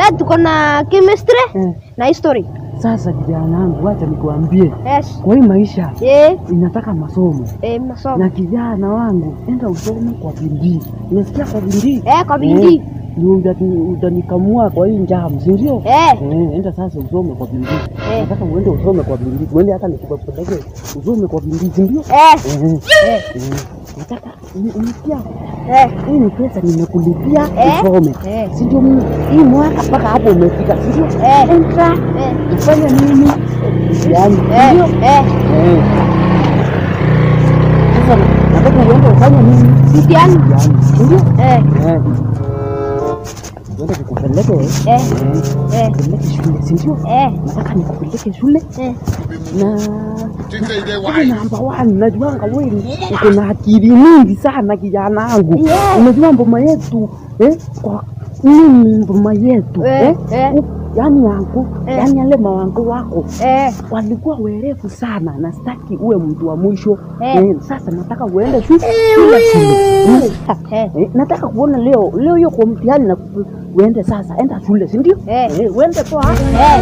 la tuko na chemistry eh, na history. Sasa kijana wangu, wacha nikuambie. Yes. Kwa hii maisha yes, eh. inataka masomo eh, masomo. Na kijana wangu, enda usome kwa bidii, unasikia? Kwa bidii eh, kwa bidii eh utanikamua kwa hii njama, si ndio? Eh. Eh, enda sasa usome kwa bidii, nataka uende usome kwa bidii, uende hata nikikupeleke usome kwa bidii, si ndio? Nataka unisikia Eh, hii ni pesa nimekulipia usome, eh? eh. si ndio? Hii mwaka mpaka hapo umefika, si ndio? Entra ufanye nini, yani ndio sasa nataka uende ufanye nini, mtihani ndio Naenda nikupeleke wewe. Eh. eh. Nikupeleke shule, si ndio? Eh. Nataka nikupeleke shule. Eh. Na wewe namba 1 najuanga wewe uko na akili nyingi sana kijana wangu. Unajua mboma yetu kwa nini mboma yetu eh? yani wangu eh, yani yale mawangu wako eh, walikuwa werefu sana, na sitaki uwe mtu wa mwisho eh. Eh, sasa nataka uende shule eh, eh, eh, nataka kuona leo leo hiyo kwa mtihani na uende sasa, enda shule, si ndio? Eh. Eh, uende poa eh.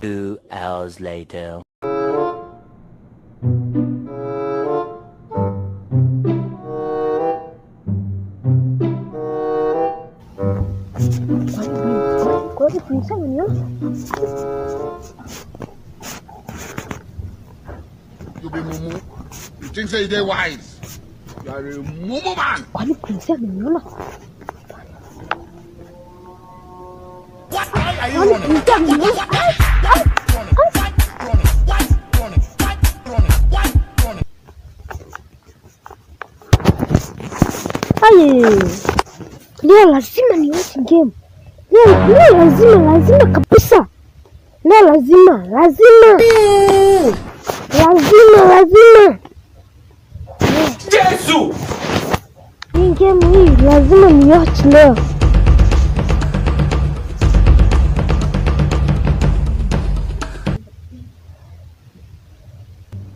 Two hours later. có thể quyển sách nhá you be mumu you think say you dey wise you are a mumu man có thể quyển sách nhá là What are you running? What are you running? Aí! Leo lazima wote game. Leo, leo lazima lazima kabisa. Leo lazima lazima lazima lazima Yesu. Hii game hii lazima wote leo.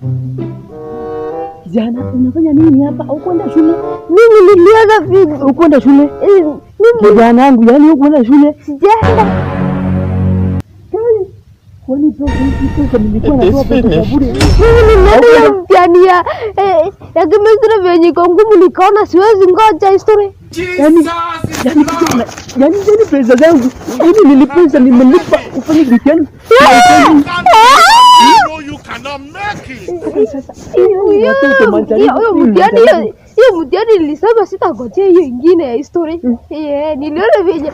Mm-hmm. Kijana, unafanya nini hapa? Hukwenda shule? Mimi nilianza vipi? Hukwenda shule? Eh, mimi kijana wangu, yani hukwenda shule? Sijaenda. nimeenda yaani, mtihani ya eh, ya vyenye iko ngumu nikaona siwezi ngoja history. Yani yani yani pesa zangu. Mimi yaani nilipesa nimelipa kufanya mtihani. Hmm, hiyo mtihani nilisema sitangojea hiyo ingine ya historia. Hmm. Niliona venye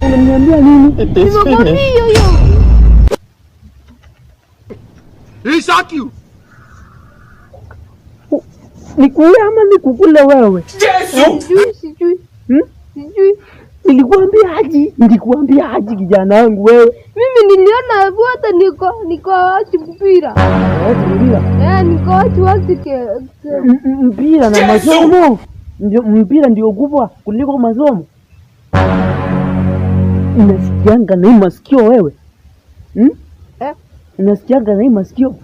unaniambia nini? hiyo hiyo. Isaki nikule ama nikukule wewe? Yesu. Nilikuambia haji, nilikuambia haji, kijana wangu wewe. Mimi niliona vote niko niko wachi mpira. mpira. Eh, niko wachi wachi ke. Mpira na masomo. Ndio mpira ndio kubwa kuliko masomo. Unasikianga na hii masikio wewe. Hmm? Eh? Unasikianga na hii masikio.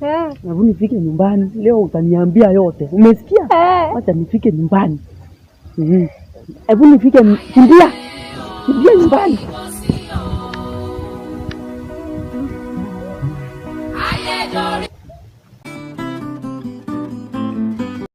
Eh. Navu nifike nyumbani. Leo utaniambia yote. Umesikia? Eh. Wacha nifike nyumbani. Mhm. hebu nifike, kimbia kimbia nyumbani.